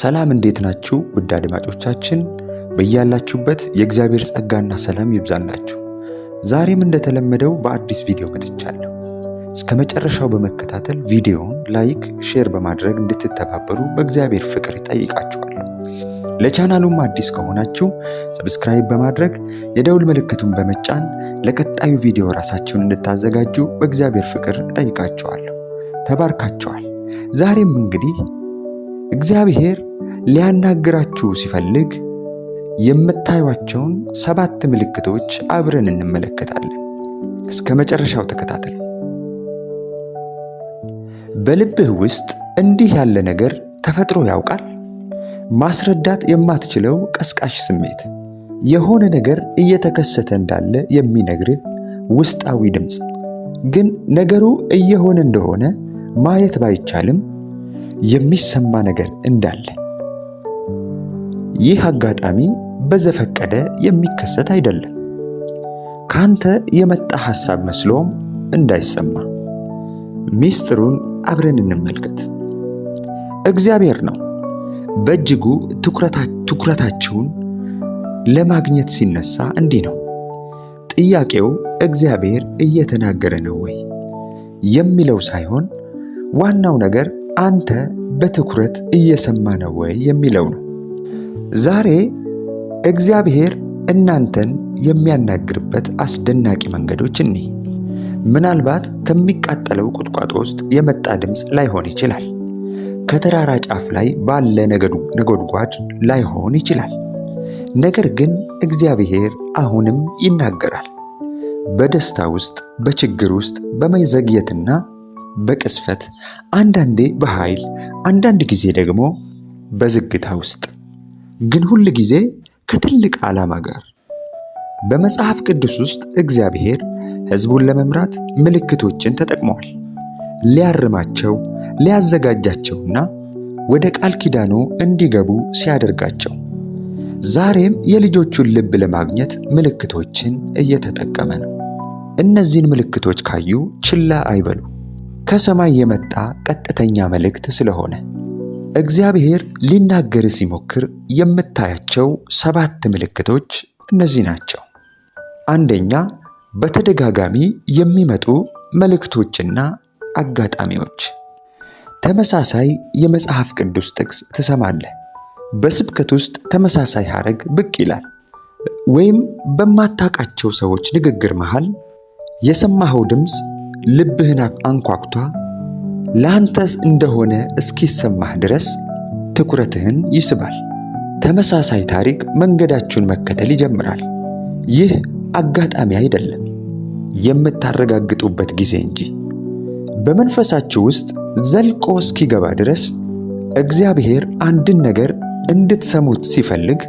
ሰላም እንዴት ናችሁ? ውድ አድማጮቻችን በያላችሁበት የእግዚአብሔር ጸጋና ሰላም ይብዛላችሁ። ዛሬም እንደተለመደው በአዲስ ቪዲዮ መጥቻለሁ። እስከ መጨረሻው በመከታተል ቪዲዮውን ላይክ፣ ሼር በማድረግ እንድትተባበሩ በእግዚአብሔር ፍቅር ይጠይቃችኋለሁ። ለቻናሉም አዲስ ከሆናችሁ ሰብስክራይብ በማድረግ የደውል ምልክቱን በመጫን ለቀጣዩ ቪዲዮ ራሳችሁን እንድታዘጋጁ በእግዚአብሔር ፍቅር እጠይቃችኋለሁ። ተባርካችኋል። ዛሬም እንግዲህ እግዚአብሔር ሊያናግራችሁ ሲፈልግ የምታዩቸውን ሰባት ምልክቶች አብረን እንመለከታለን። እስከ መጨረሻው ተከታተል። በልብህ ውስጥ እንዲህ ያለ ነገር ተፈጥሮ ያውቃል? ማስረዳት የማትችለው ቀስቃሽ ስሜት፣ የሆነ ነገር እየተከሰተ እንዳለ የሚነግርህ ውስጣዊ ድምፅ፣ ግን ነገሩ እየሆነ እንደሆነ ማየት ባይቻልም የሚሰማ ነገር እንዳለ። ይህ አጋጣሚ በዘፈቀደ የሚከሰት አይደለም። ካንተ የመጣ ሐሳብ መስሎም እንዳይሰማ ሚስጥሩን አብረን እንመልከት። እግዚአብሔር ነው በእጅጉ ትኩረታችሁን ለማግኘት ሲነሳ እንዲህ ነው። ጥያቄው እግዚአብሔር እየተናገረ ነው ወይ የሚለው ሳይሆን ዋናው ነገር አንተ በትኩረት እየሰማ ነው ወይ የሚለው ነው። ዛሬ እግዚአብሔር እናንተን የሚያናግርበት አስደናቂ መንገዶች እኒህ። ምናልባት ከሚቃጠለው ቁጥቋጦ ውስጥ የመጣ ድምፅ ላይሆን ይችላል። ከተራራ ጫፍ ላይ ባለ ነጎድጓድ ላይሆን ይችላል። ነገር ግን እግዚአብሔር አሁንም ይናገራል። በደስታ ውስጥ፣ በችግር ውስጥ፣ በመዘግየትና በቅስፈት አንዳንዴ በኃይል አንዳንድ ጊዜ ደግሞ በዝግታ ውስጥ ግን ሁል ጊዜ ከትልቅ ዓላማ ጋር። በመጽሐፍ ቅዱስ ውስጥ እግዚአብሔር ሕዝቡን ለመምራት ምልክቶችን ተጠቅመዋል። ሊያርማቸው፣ ሊያዘጋጃቸውና ወደ ቃል ኪዳኑ እንዲገቡ ሲያደርጋቸው ዛሬም የልጆቹን ልብ ለማግኘት ምልክቶችን እየተጠቀመ ነው። እነዚህን ምልክቶች ካዩ ችላ አይበሉ። ከሰማይ የመጣ ቀጥተኛ መልእክት ስለሆነ እግዚአብሔር ሊናገር ሲሞክር የምታያቸው ሰባት ምልክቶች እነዚህ ናቸው። አንደኛ፣ በተደጋጋሚ የሚመጡ መልእክቶችና አጋጣሚዎች። ተመሳሳይ የመጽሐፍ ቅዱስ ጥቅስ ትሰማለህ። በስብከት ውስጥ ተመሳሳይ ሐረግ ብቅ ይላል። ወይም በማታውቃቸው ሰዎች ንግግር መሃል የሰማኸው ድምፅ ልብህን አንኳኩቷ ለአንተስ እንደሆነ እስኪሰማህ ድረስ ትኩረትህን ይስባል። ተመሳሳይ ታሪክ መንገዳችሁን መከተል ይጀምራል። ይህ አጋጣሚ አይደለም፣ የምታረጋግጡበት ጊዜ እንጂ። በመንፈሳችሁ ውስጥ ዘልቆ እስኪገባ ድረስ እግዚአብሔር አንድን ነገር እንድትሰሙት ሲፈልግ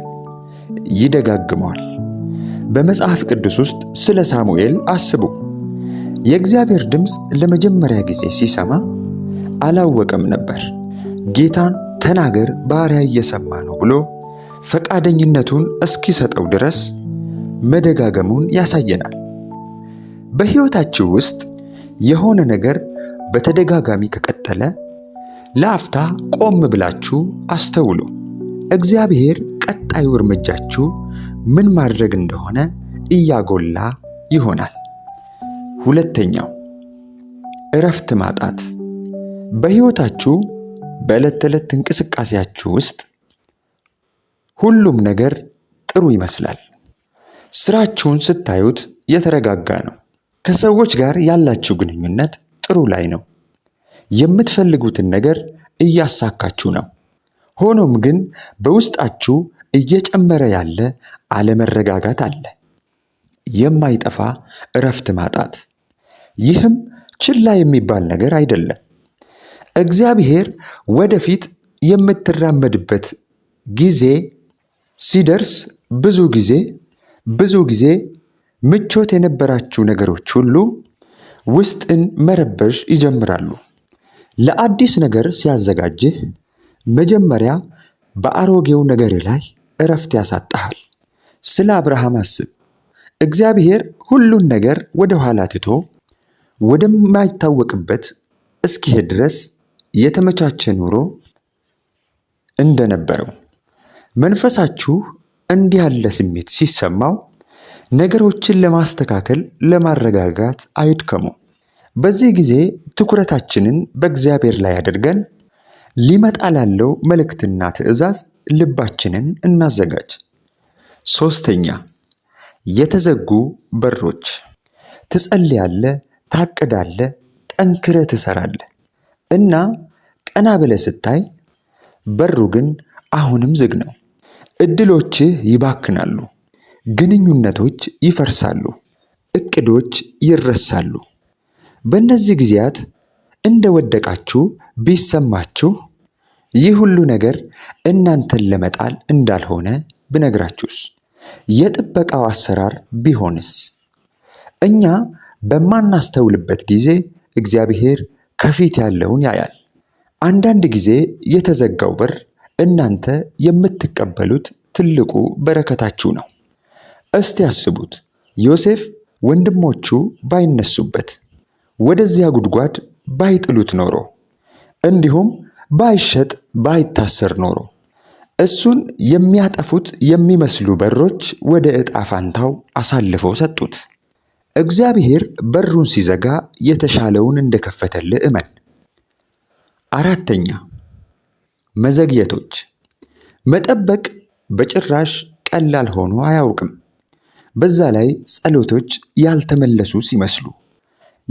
ይደጋግመዋል። በመጽሐፍ ቅዱስ ውስጥ ስለ ሳሙኤል አስቡ። የእግዚአብሔር ድምፅ ለመጀመሪያ ጊዜ ሲሰማ አላወቀም ነበር። ጌታን ተናገር ባሪያ እየሰማ ነው ብሎ ፈቃደኝነቱን እስኪሰጠው ድረስ መደጋገሙን ያሳየናል። በሕይወታችሁ ውስጥ የሆነ ነገር በተደጋጋሚ ከቀጠለ ለአፍታ ቆም ብላችሁ አስተውሉ። እግዚአብሔር ቀጣዩ እርምጃችሁ ምን ማድረግ እንደሆነ እያጎላ ይሆናል። ሁለተኛው እረፍት ማጣት በሕይወታችሁ በዕለት ተዕለት እንቅስቃሴያችሁ ውስጥ ሁሉም ነገር ጥሩ ይመስላል። ስራችሁን ስታዩት የተረጋጋ ነው። ከሰዎች ጋር ያላችሁ ግንኙነት ጥሩ ላይ ነው። የምትፈልጉትን ነገር እያሳካችሁ ነው። ሆኖም ግን በውስጣችሁ እየጨመረ ያለ አለመረጋጋት አለ። የማይጠፋ እረፍት ማጣት ይህም ችላ የሚባል ነገር አይደለም። እግዚአብሔር ወደፊት የምትራመድበት ጊዜ ሲደርስ ብዙ ጊዜ ብዙ ጊዜ ምቾት የነበራችሁ ነገሮች ሁሉ ውስጥን መረበሽ ይጀምራሉ። ለአዲስ ነገር ሲያዘጋጅህ መጀመሪያ በአሮጌው ነገር ላይ እረፍት ያሳጣሃል። ስለ አብርሃም አስብ። እግዚአብሔር ሁሉን ነገር ወደ ኋላ ትቶ ወደማይታወቅበት እስኪሄድ ድረስ የተመቻቸ ኑሮ እንደነበረው መንፈሳችሁ እንዲህ ያለ ስሜት ሲሰማው ነገሮችን ለማስተካከል ለማረጋጋት አይድከሙ። በዚህ ጊዜ ትኩረታችንን በእግዚአብሔር ላይ አድርገን ሊመጣ ላለው መልእክትና ትእዛዝ ልባችንን እናዘጋጅ። ሶስተኛ የተዘጉ በሮች ትጸልያለህ ታቅዳለ፣ ጠንክረ ትሰራለህ እና ቀና ብለ ስታይ በሩ ግን አሁንም ዝግ ነው። እድሎች ይባክናሉ ግንኙነቶች ይፈርሳሉ እቅዶች ይረሳሉ። በእነዚህ ጊዜያት እንደወደቃችሁ ቢሰማችሁ ይህ ሁሉ ነገር እናንተን ለመጣል እንዳልሆነ ብነግራችሁስ? የጥበቃው አሰራር ቢሆንስ? እኛ በማናስተውልበት ጊዜ እግዚአብሔር ከፊት ያለውን ያያል። አንዳንድ ጊዜ የተዘጋው በር እናንተ የምትቀበሉት ትልቁ በረከታችሁ ነው። እስቲ ያስቡት፣ ዮሴፍ ወንድሞቹ ባይነሱበት፣ ወደዚያ ጉድጓድ ባይጥሉት ኖሮ፣ እንዲሁም ባይሸጥ ባይታሰር ኖሮ እሱን የሚያጠፉት የሚመስሉ በሮች ወደ ዕጣ ፋንታው አሳልፈው ሰጡት። እግዚአብሔር በሩን ሲዘጋ የተሻለውን እንደከፈተልህ እመን። አራተኛ መዘግየቶች። መጠበቅ በጭራሽ ቀላል ሆኖ አያውቅም። በዛ ላይ ጸሎቶች ያልተመለሱ ሲመስሉ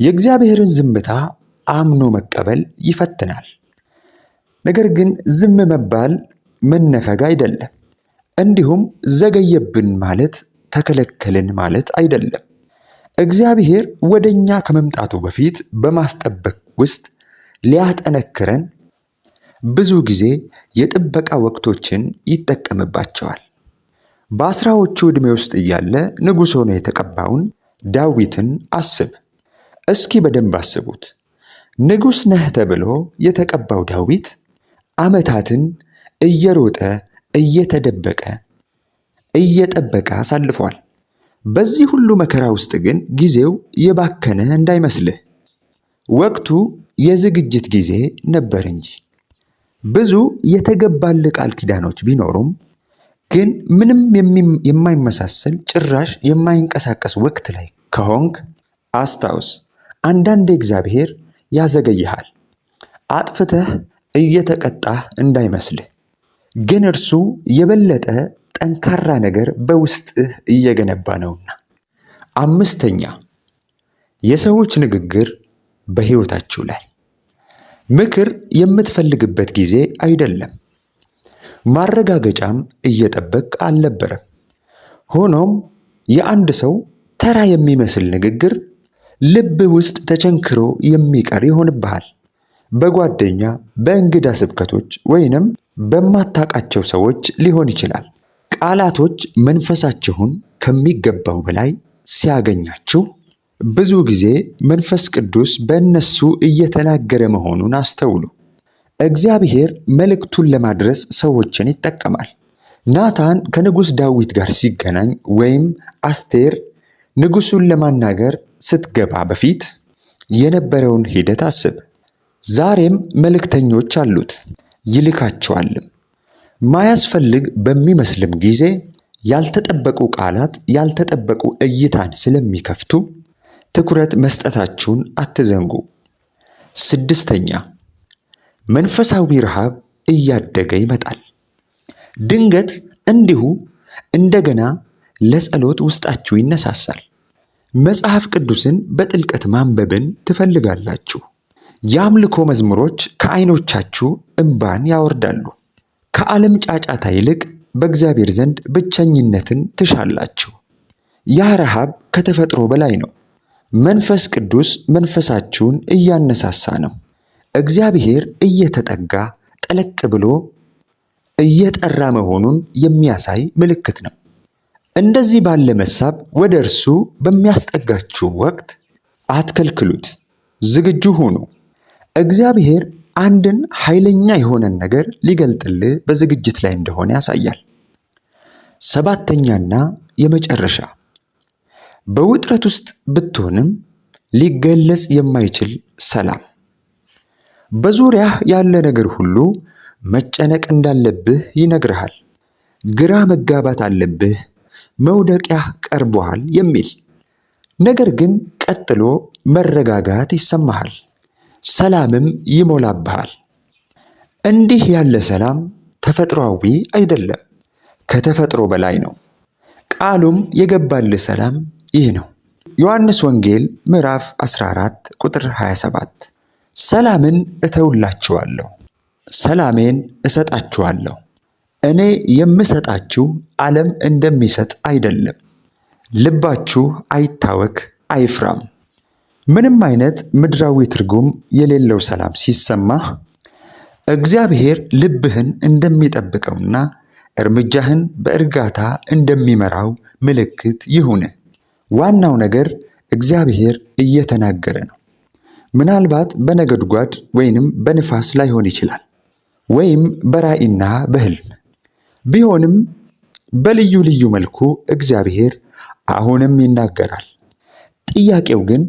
የእግዚአብሔርን ዝምታ አምኖ መቀበል ይፈትናል። ነገር ግን ዝም መባል መነፈግ አይደለም፣ እንዲሁም ዘገየብን ማለት ተከለከልን ማለት አይደለም። እግዚአብሔር ወደ እኛ ከመምጣቱ በፊት በማስጠበቅ ውስጥ ሊያጠነክረን ብዙ ጊዜ የጥበቃ ወቅቶችን ይጠቀምባቸዋል። በአስራዎቹ ዕድሜ ውስጥ እያለ ንጉሥ ሆኖ የተቀባውን ዳዊትን አስብ። እስኪ በደንብ አስቡት። ንጉሥ ነህ ተብሎ የተቀባው ዳዊት ዓመታትን እየሮጠ እየተደበቀ እየጠበቀ አሳልፏል። በዚህ ሁሉ መከራ ውስጥ ግን ጊዜው የባከነ እንዳይመስልህ። ወቅቱ የዝግጅት ጊዜ ነበር እንጂ ብዙ የተገባል ቃል ኪዳኖች ቢኖሩም ግን ምንም የማይመሳሰል ጭራሽ የማይንቀሳቀስ ወቅት ላይ ከሆንክ አስታውስ፣ አንዳንዴ እግዚአብሔር ያዘገይሃል። አጥፍተህ እየተቀጣህ እንዳይመስልህ፣ ግን እርሱ የበለጠ ጠንካራ ነገር በውስጥህ እየገነባ ነውና። አምስተኛ የሰዎች ንግግር በህይወታችሁ ላይ ምክር የምትፈልግበት ጊዜ አይደለም፣ ማረጋገጫም እየጠበቅ አልነበረም። ሆኖም የአንድ ሰው ተራ የሚመስል ንግግር ልብ ውስጥ ተቸንክሮ የሚቀር ይሆንብሃል። በጓደኛ በእንግዳ ስብከቶች ወይንም በማታቃቸው ሰዎች ሊሆን ይችላል። ቃላቶች መንፈሳቸውን ከሚገባው በላይ ሲያገኛችሁ ብዙ ጊዜ መንፈስ ቅዱስ በእነሱ እየተናገረ መሆኑን አስተውሉ። እግዚአብሔር መልእክቱን ለማድረስ ሰዎችን ይጠቀማል። ናታን ከንጉሥ ዳዊት ጋር ሲገናኝ ወይም አስቴር ንጉሡን ለማናገር ስትገባ በፊት የነበረውን ሂደት አስብ። ዛሬም መልእክተኞች አሉት፣ ይልካቸዋልም። ማያስፈልግ በሚመስልም ጊዜ ያልተጠበቁ ቃላት ያልተጠበቁ እይታን ስለሚከፍቱ ትኩረት መስጠታችሁን አትዘንጉ። ስድስተኛ መንፈሳዊ ረሃብ እያደገ ይመጣል። ድንገት እንዲሁ እንደገና ለጸሎት ውስጣችሁ ይነሳሳል። መጽሐፍ ቅዱስን በጥልቀት ማንበብን ትፈልጋላችሁ። የአምልኮ መዝሙሮች ከዐይኖቻችሁ እምባን ያወርዳሉ። ከዓለም ጫጫታ ይልቅ በእግዚአብሔር ዘንድ ብቸኝነትን ትሻላችሁ። ያ ረሃብ ከተፈጥሮ በላይ ነው። መንፈስ ቅዱስ መንፈሳችሁን እያነሳሳ ነው። እግዚአብሔር እየተጠጋ ጠለቅ ብሎ እየጠራ መሆኑን የሚያሳይ ምልክት ነው። እንደዚህ ባለ መሳብ ወደ እርሱ በሚያስጠጋችሁ ወቅት አትከልክሉት፣ ዝግጁ ሁኑ። እግዚአብሔር አንድን ኃይለኛ የሆነን ነገር ሊገልጥልህ በዝግጅት ላይ እንደሆነ ያሳያል። ሰባተኛና የመጨረሻ በውጥረት ውስጥ ብትሆንም ሊገለጽ የማይችል ሰላም። በዙሪያህ ያለ ነገር ሁሉ መጨነቅ እንዳለብህ ይነግርሃል። ግራ መጋባት አለብህ፣ መውደቂያህ ቀርቦሃል የሚል ነገር ግን ቀጥሎ መረጋጋት ይሰማሃል። ሰላምም ይሞላብሃል። እንዲህ ያለ ሰላም ተፈጥሯዊ አይደለም፣ ከተፈጥሮ በላይ ነው። ቃሉም የገባልህ ሰላም ይህ ነው። ዮሐንስ ወንጌል ምዕራፍ 14 ቁጥር 27 ሰላምን እተውላችኋለሁ፣ ሰላሜን እሰጣችኋለሁ። እኔ የምሰጣችሁ ዓለም እንደሚሰጥ አይደለም። ልባችሁ አይታወክ አይፍራም። ምንም አይነት ምድራዊ ትርጉም የሌለው ሰላም ሲሰማህ እግዚአብሔር ልብህን እንደሚጠብቀውና እርምጃህን በእርጋታ እንደሚመራው ምልክት ይሁን። ዋናው ነገር እግዚአብሔር እየተናገረ ነው። ምናልባት በነጎድጓድ ወይንም በንፋስ ላይሆን ይችላል፣ ወይም በራእይና በህልም ቢሆንም በልዩ ልዩ መልኩ እግዚአብሔር አሁንም ይናገራል። ጥያቄው ግን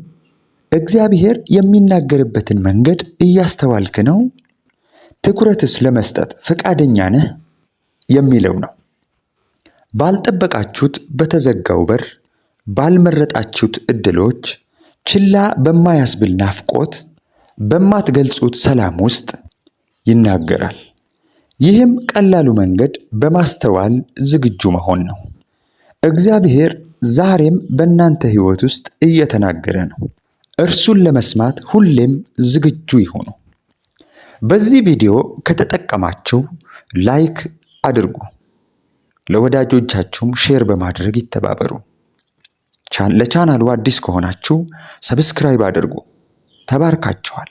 እግዚአብሔር የሚናገርበትን መንገድ እያስተዋልክ ነው? ትኩረትስ ለመስጠት ፈቃደኛ ነህ? የሚለው ነው። ባልጠበቃችሁት በተዘጋው በር፣ ባልመረጣችሁት እድሎች፣ ችላ በማያስብል ናፍቆት፣ በማትገልጹት ሰላም ውስጥ ይናገራል። ይህም ቀላሉ መንገድ በማስተዋል ዝግጁ መሆን ነው። እግዚአብሔር ዛሬም በእናንተ ሕይወት ውስጥ እየተናገረ ነው። እርሱን ለመስማት ሁሌም ዝግጁ ይሁኑ። በዚህ ቪዲዮ ከተጠቀማችሁ ላይክ አድርጉ፣ ለወዳጆቻችሁም ሼር በማድረግ ይተባበሩ። ለቻናሉ አዲስ ከሆናችሁ ሰብስክራይብ አድርጉ። ተባርካችኋል።